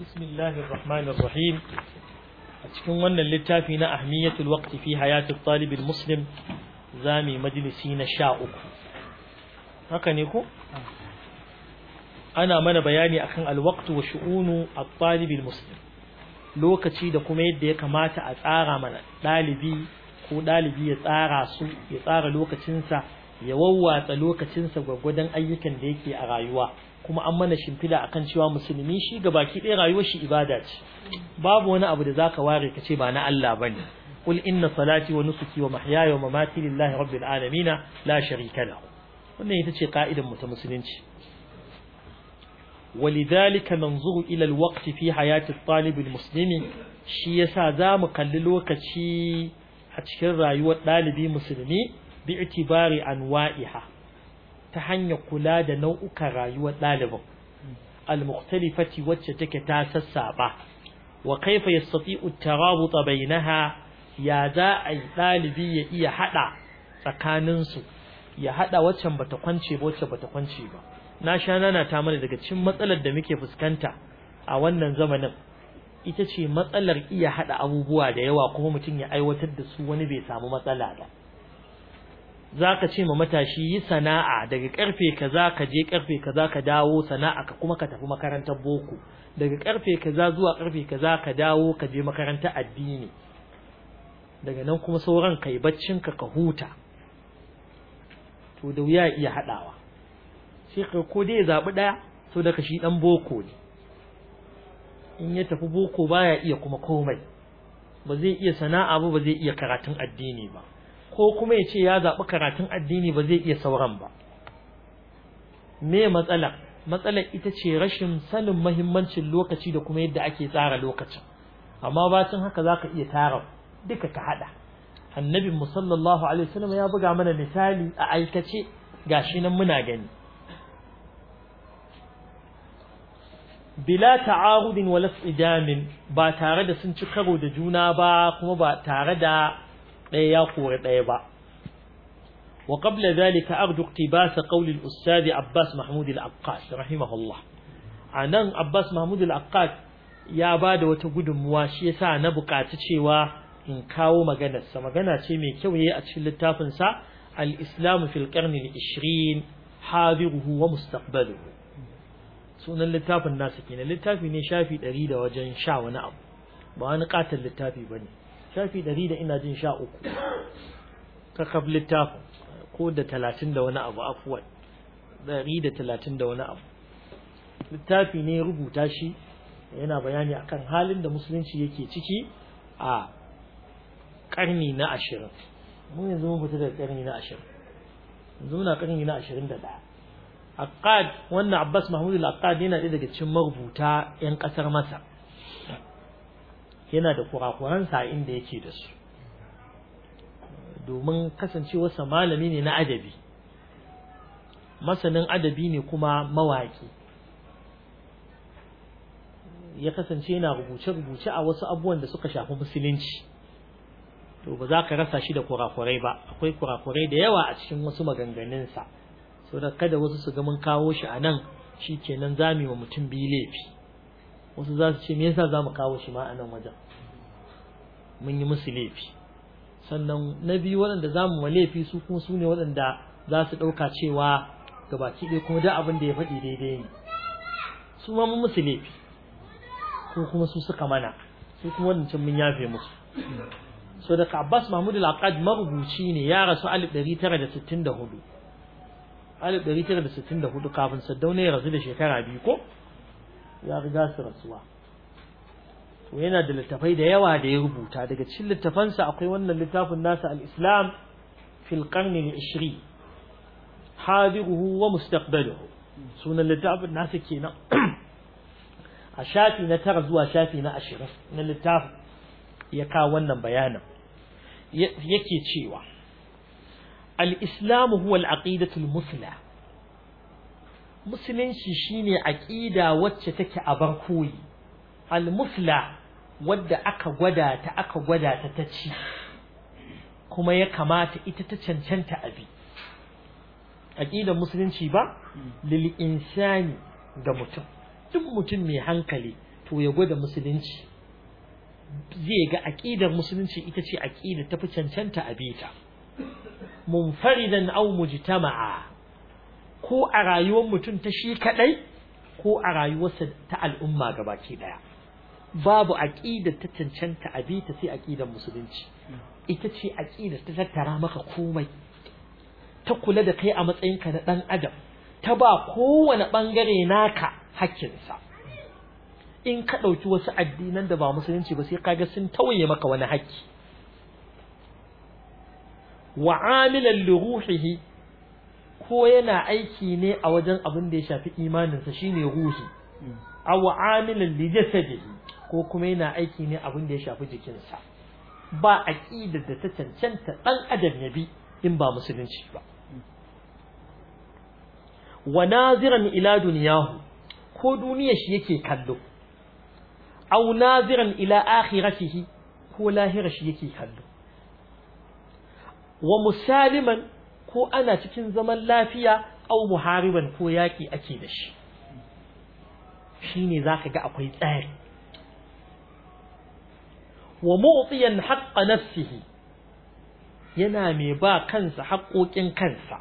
bismillahirrahmanirrahim a cikin wannan littafi na ahmiyatul waqti fi hayatul talib muslim yi majalisi na sha uku haka ne ko ana mana bayani akan alwaqtu wa shu'unu a talib muslim lokaci da kuma yadda ya kamata a tsara mana ɗalibi ko dalibi ya tsara su ya tsara lokacinsa ya wawwatsa lokacinsa gwaggwadon ayyukan da yake a rayuwa kuma an mana shimfida akan cewa musulmi shi ga baki ɗaya rayuwar shi ibada ce babu wani abu da zaka ware ka ce ba na Allah bane qul inna salati wa nusuki wa mahyaya wa mamati lillahi rabbil alamin la sharika lahu wannan ita ce ka'idar mu ta musulunci ولذلك ننظر إلى الوقت في حياة الطالب المسلم lokaci a cikin شيء أتشكر رأيوة طالبي مسلمي باعتبار wa'iha. ta hanyar kula da nau'ukan rayuwar ɗalibin al-mukhtalifati wacce take ta sassaba wa kaifa yastati'u at-tarabuta bainaha ya za a ɗalibi ya iya haɗa tsakaninsu ya haɗa waccan bata kwance ba wacce bata kwance ba na sha nana ta mana daga cikin matsalar da muke fuskanta a wannan zamanin ita ce matsalar iya haɗa abubuwa da yawa kuma mutum ya aiwatar da su wani bai samu matsala ba Za ka ce ma matashi yi sana'a daga karfe kaza ka je karfe kaza ka dawo sana'a ka kuma ka tafi makarantar boko daga karfe kaza zuwa karfe kaza ka dawo ka je makarantar addini daga nan kuma sauran kai baccin ka ka huta to da wuya iya hadawa shi ka ko dai zabi daya so da ka shi dan boko ne in ya tafi boko baya iya kuma komai ba zai iya sana'a ba ba zai iya karatun addini ba ko kuma ya ce ya zaɓi karatun addini ba zai iya sauran ba me matsala matsalar ita ce rashin sanin mahimmancin lokaci da kuma yadda ake tsara lokacin amma bacin haka za ka iya tara duka ka haɗa annabin mu alaihi wasallam ya buga mana misali a aikace ga shi nan muna gani bila ta'arudin wala tsidamin ba tare da sun ci karo da juna ba kuma ba tare da ɗaya ya kore ɗaya ba wa qabla zalika arju iqtibas qawl al-ustad Abbas Mahmud al-Aqqas rahimahullah anan Abbas Mahmud al-Aqqas ya bada wata gudunmuwa shi yasa na buƙaci cewa in kawo maganar sa magana ce mai kyau yayi a cikin littafin sa al-Islam fil qarn al-20 hadiruhu wa mustaqbaluhu sunan littafin nasu kenan littafi ne shafi ɗari da wajen sha wani abu ba wani katon littafi bane shafi ɗari da ina jin sha uku kakaf littafin ko da talatin da wani abu afuwan ɗari da talatin da wani abu littafi ne rubuta shi yana bayani akan halin da musulunci yake ciki a karni na ashirin Mun yanzu mun fita daga karni na ashirin yanzu muna karni na ashirin da ɗaya Akkad wannan Abbas Mahmud al-Akkad yana ɗaya daga cikin marubuta 'yan ƙasar Masar yana da kurakuransa inda yake da su domin kasancewarsa malami ne na adabi masanin adabi ne kuma mawaki ya kasance yana rubuce-rubuce a wasu abubuwan da suka shafi musulunci to ba za ka rasa shi da kurakurai ba akwai kurakurai da yawa a cikin wasu maganganunsa saboda kada wasu su ga mun kawo shi a nan shi kenan zami wa mutum biyu laifi wasu za su ce me yasa za mu kawo shi ma a nan wajen mun yi musu laifi sannan na biyu waɗanda za mu laifi su kuma su ne waɗanda za su ɗauka cewa gabaki ɗaya kuma da abin da ya faɗi daidai ne su ma mun musu laifi ko kuma su suka mana su kuma waɗancan mun yafe musu so daga Abbas Mahmud al-Aqad marubuci ne ya rasu 1964 1964 kafin Saddauna ya rasu da shekara biyu ko ya riga su rasuwa to yana da littafai da yawa da ya rubuta daga cikin littafansa akwai wannan littafin nasa al-Islam fil qarni al-20 hadiruhu wa mustaqbaluhu sunan littafin nasa kenan a shafi na tara zuwa shafi na ashirin na littafin ya kawo wannan bayanin yake cewa al-islamu huwa al-aqidatu al-musla musulunci shine aqida wacce take a bar koyi al-musla wadda aka gwada ta aka gwada ta ta kuma ya kamata ita ta cancanta abi aqidar musulunci ba lil insani ga mutum duk mutum mai hankali to ya gwada musulunci zai ga aqidar musulunci ita ce aqida tafi cancanta ta munfaridan aw mujtama'a ko a rayuwar mutum ta shi kaɗai, ko a rayuwarsa ta al'umma gabaki ɗaya. babu aƙidar ta cancanta ta sai aqidar musulunci ita ce aqida ta tattara maka komai ta kula da kai a matsayinka na ɗan adam ta ba kowane ɓangare naka hakkinsa in ka ɗauki wasu addinan da ba musulunci ba sai kaga sun tawaye maka wani hakki wa amilan ko yana aiki ne a wajen abin da ya shafi imaninsa shine ruhi aw amilan li ko kuma yana aiki ne abin da ya shafi jikinsa ba aqida da ta cancanta ɗan adam ya bi in ba musulunci ba wa naziran ila duniyahu ko duniya shi yake kallo aw naziran ila akhiratihi ko lahira shi yake kallo wa musaliman ko ana cikin zaman lafiya au muhariban ko yaƙi ake da shi Shi ne za ka ga akwai tsari wa mu'tiyan haqqa nafsihi yana mai ba kansa haƙoƙin kansa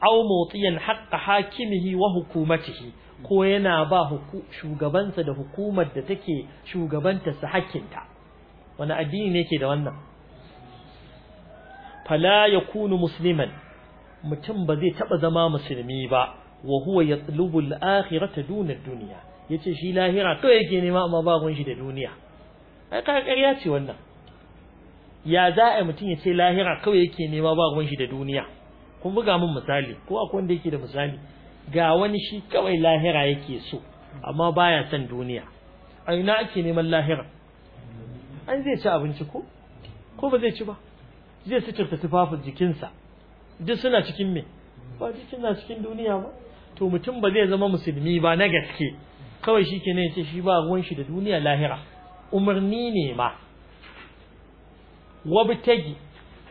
au mu'tiyan haƙa hakimihi wa hukumatihi ko yana ba shugabansa da hukumar da take shugabanta su hakinta wani addini ne ke da wannan fala ya yakunu musliman mutum ba zai taba zama musulmi ba wa huwa yatlubu al-akhirata duna ad-dunya yace shi lahira to yake nema amma ba gunshi da duniya ai ka ƙarya ce wannan ya za mutum ya ce lahira kawai yake nema ba gunshi da duniya kun buga min misali ko akwai wanda yake da misali ga wani shi kawai lahira yake so amma baya son duniya a ina ake neman lahira an zai ci abinci ko ko ba zai ci ba zai sitirta tufafin jikinsa duk suna cikin me ba duk suna cikin duniya ba to mutum ba zai zama musulmi ba na gaske kawai shi ke ce shi ba ruwan shi da duniya lahira umarni ne ma wabtagi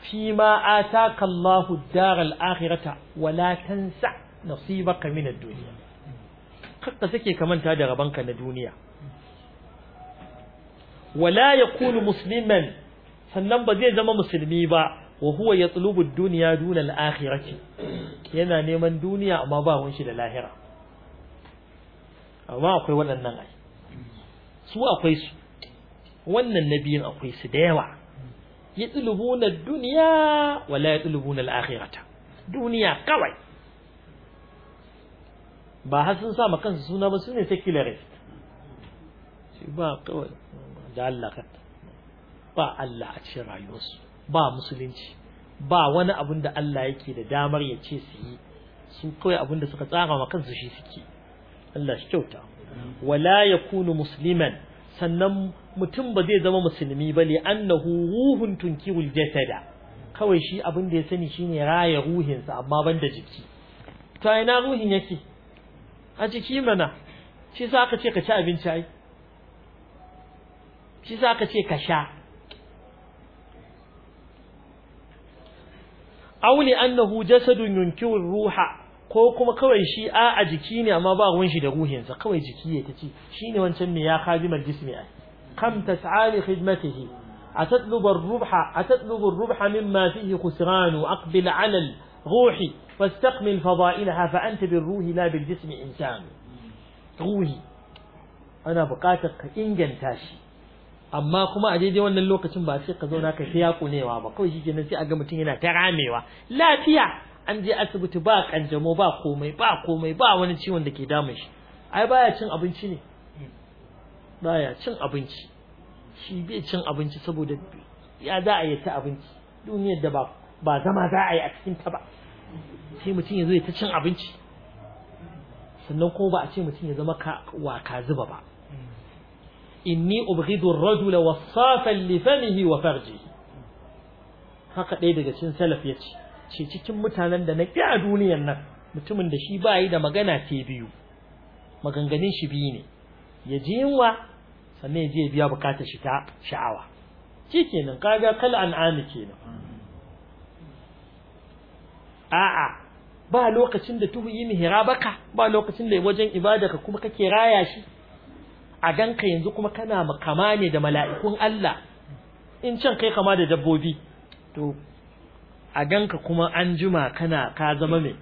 fi ma ataka Allahu daral akhirata wala tansa nasibaka min ad-dunya kakka sake kamanta da rabanka na duniya wala yakunu musliman sannan ba zai zama musulmi ba wa huwa yatlubu ad-dunya duna al-akhirati yana neman duniya amma ba da lahira amma akwai ai su akwai su wannan nabiyin akwai su da yawa yatlubuna ad-dunya wa la yatlubuna al-akhirata duniya kawai ba har sun sa kansu suna ba sune secularist ba kawai da Allah ba Allah a cikin rayuwarsu ba musulunci ba wani abin da Allah yake da damar ya ce su yi su kawai abin da suka tsara ma kansu shi suke Allah shi kyauta wala yakunu musliman sannan mutum ba zai zama musulmi ba ne? annahu ruhun tunkirul jasada kawai shi abin da ya sani shine raya ruhinsa amma ban da jiki ta ina ruhin yake a jiki mana shi sa aka ce ka ci abinci ai shi sa aka ce ka sha aw li annahu jasadun yunkiru ruha ko kuma kawai shi a a jiki ne amma ba ruwan shi da ruhinsa kawai jiki ya tace shine wancan me ya khadimal jismi ai kam tas'a li khidmatihi atadlubu ar-rubha atadlubu ar-rubha mimma fihi khusran aqbil 'ala al-ruh واستقمل فضائلها فأنت بالروح لا بالجسم إنسان روحي أنا بقاتك إنجن تاشي amma kuma a daidai wannan lokacin ba sai ka zauna ka sai yakunewa ba kawai shi kenan sai a ga mutum yana ta ramewa lafiya an je asibiti ba kanjamo ba komai ba komai ba wani ciwon da ke damun shi ai baya cin abinci ne baya cin abinci shi bai cin abinci saboda ya za a yi ta abinci duniyar da ba ba zama za a yi a cikin ta ba sai mutum ya zo ya ta cin abinci sannan kuma ba a ce mutum ya zama ka wa ka zuba ba inni ubghidu ar-rajula wasafan li famihi wa farjihi haka ɗaya daga cikin salaf yace ce cikin mutanen da na ƙi a duniyar nan mutumin da shi ba yi da magana ce biyu maganganun shi biyu ne ya ji yunwa sannan ya je ya biya bukatar shi ta sha'awa Ki kenan kaga kala an'ami kenan a'a ba lokacin da tuhu yi mihira baka ba lokacin da wajen ibada ka kuma kake raya shi a ganka yanzu kuma kana kama ne da mala'ikun Allah in can kai kama da dabbobi to a ganka kuma an juma kana ka zama mai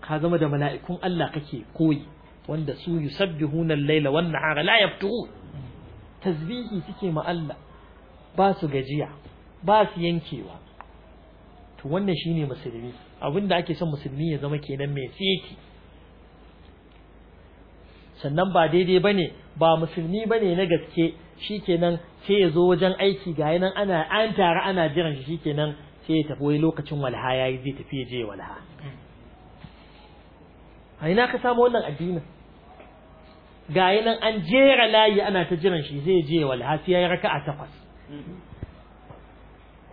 ka zama da mala'ikun Allah kake koyi wanda su sabbi hunan laila wannan nahara la yaftuhu tasbihi suke ma Allah ba su gajiya ba su yankewa to wannan shine musulmi abinda ake son musulmi ya zama kenan mai tsiki sannan ba daidai ba ne ba musulmi ba ne na gaske shikenan sai ya zo wajen aiki ga yanan ana an tare ana jiran shi shikenan sai ya tafi wai lokacin walha ya yi zai tafi je walha a ina ka samu wannan addinin ga yanan an jera layi ana ta jiran shi zai je walha sai ya raka a takwas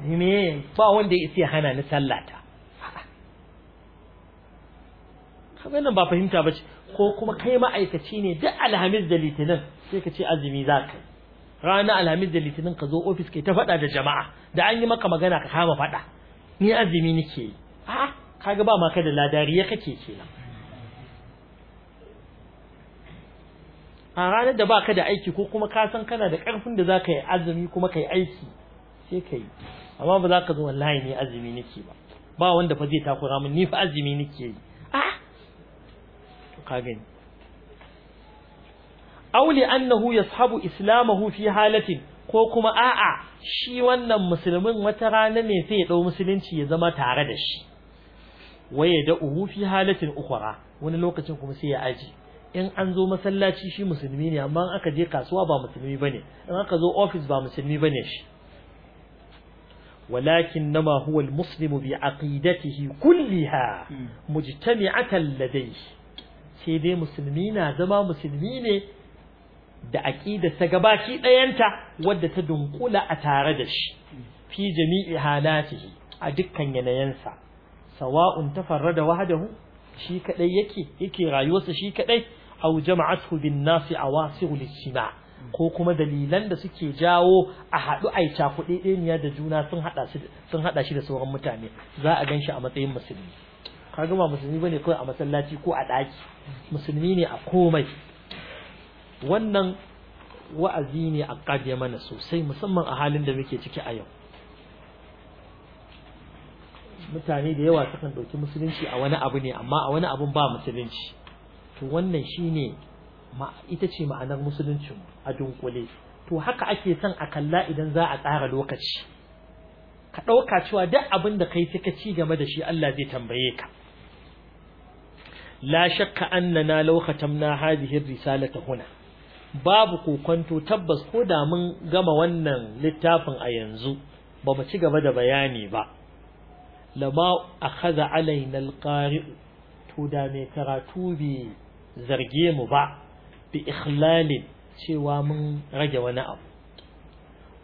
ne ba wanda ya isa hana ni sallata kamar nan ba fahimta ba ce. ko kuma kai ma'aikaci ne duk alhamis da litinin sai ka ce azumi za ka yi. ranar alhamis da litinin ka zo ofis kai ta faɗa da jama'a da an yi maka magana ka kama faɗa ni azumi nake yi ka kaga ba ma da da ya kake kenan a ranar da baka da aiki ko kuma ka san kana da ƙarfin da za ka yi azumi kuma ka yi aiki sai ka yi amma ba za ka zo wallahi ni azumi nake ba ba wanda fa zai takura min ni fa azumi nake yi a'a ka gani aw annahu yashabu islamahu fi halatin ko kuma a'a shi wannan musulmin wata rana ne sai ya dau musulunci ya zama tare da shi waye da uhu fi halatin ukhra wani lokacin kuma sai ya aji in an zo masallaci shi musulmi ne amma aka je kasuwa ba musulmi bane in aka zo office ba musulmi bane shi walakin nama huwa almuslimu bi aqidatihi kulliha hmm. mujtami'atan sai dai musulmi na zama musulmi ne da gaba gabaki ɗayanta wadda ta dunkula a tare da shi fi jami'i halatihi a dukkan yanayansa sawa'un tafarrada wahdahu shi kadai yake yake rayuwarsa shi kadai aw jama'athu bin nasi awasihu lijtima ko kuma dalilan da suke jawo a haɗu ai cakuɗe kudi da juna sun haɗa shi da sauran mutane za a ganshi a matsayin musulmi kaga ba musulmi bane kawai a masallaci ko a ɗaki musulmi ne a komai wannan wa'azi ne a ya mana sosai musamman a halin da muke ciki a yau mutane da yawa sukan ɗauki musulunci a wani abu ne amma a wani abun ba musulunci to wannan shine ita ce ma'anar musuluncin a dunkule to haka ake son a kalla idan za a tsara lokaci ka ɗauka cewa duk abin da kai suka ci game da shi Allah zai tambaye ka la shakka annana law khatamna hadhihi risalata huna babu kokonto tabbas ko da mun gama wannan littafin a yanzu ba mu ci gaba da bayani ba lama akhadha alaina alqari to da mai karatu bi zarge mu ba bi ikhlalin cewa mun rage wani abu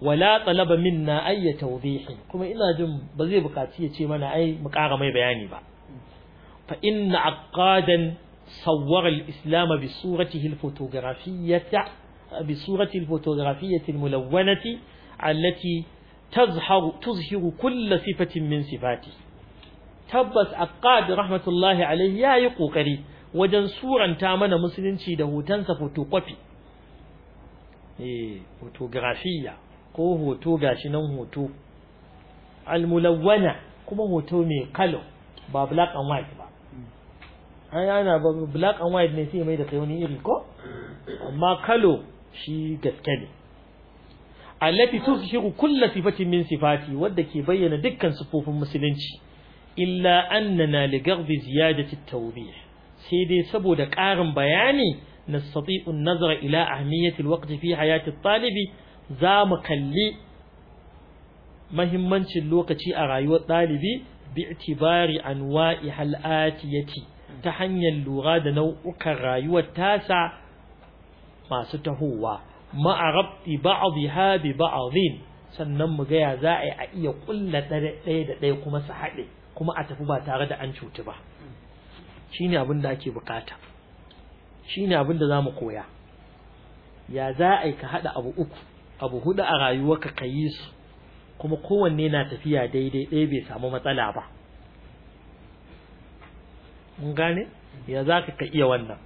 wala talaba minna ayya tawdihi kuma ina jin ba zai bukaci ya ce mana ai mu ƙara mai bayani ba فإن عقادا صور الإسلام بصورته الفوتوغرافية بصورة الفوتوغرافية الملونة التي تظهر تظهر كل صفة من صفاته تبس عقاد رحمة الله عليه يا يقو قري وجن صورا تامنا مسلم شيده تنسى فوتوكوبي إيه فوتوغرافية كو هو هوتو شنو هو تو الملونة كما هوتو مي قلو بابلاك لاك أمايك ai ana black and white ne sai mai da kai wani iri ko amma kalo shi gaske ne allati tushiru kullu sifatin min sifati wadda ke bayyana dukkan sifofin musulunci illa annana li ghadhi ziyadati at-tawbih sai dai saboda ƙarin bayani nastati'u an-nazara ila ahmiyati al-waqti fi hayati at-talibi za mu kalli mahimmancin lokaci a rayuwar ɗalibi bi'tibari anwa'i hal'atiyati ta hanyar lura da nau'ukan rayuwar tasa masu tahowa ma'arabti ba'dha bi ba'dhin sannan mu gaya ya za a yi a iya kulla ɗaya da ɗaya kuma su haɗe kuma a tafi ba tare da an cuti ba ne abin da ake bukata ne abin da mu koya ya za a yi ka haɗa abu uku abu hudu a rayuwarka ka yi su kuma kowanne na tafiya daidai ɗaya bai samu matsala ba mun gane ya zaka ka iya wannan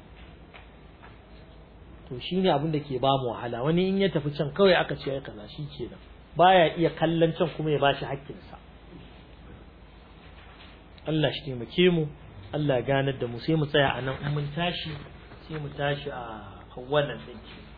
to shi abin da ke ba mu wahala wani in ya tafi can kawai aka ce ya kaza nan, baya iya kallon can kuma ya ba shi haƙƙinsa Allah shi taimake mu Allah ganar da mu sai mu tsaya a nan in mun tashi sai mu tashi a wannan dinki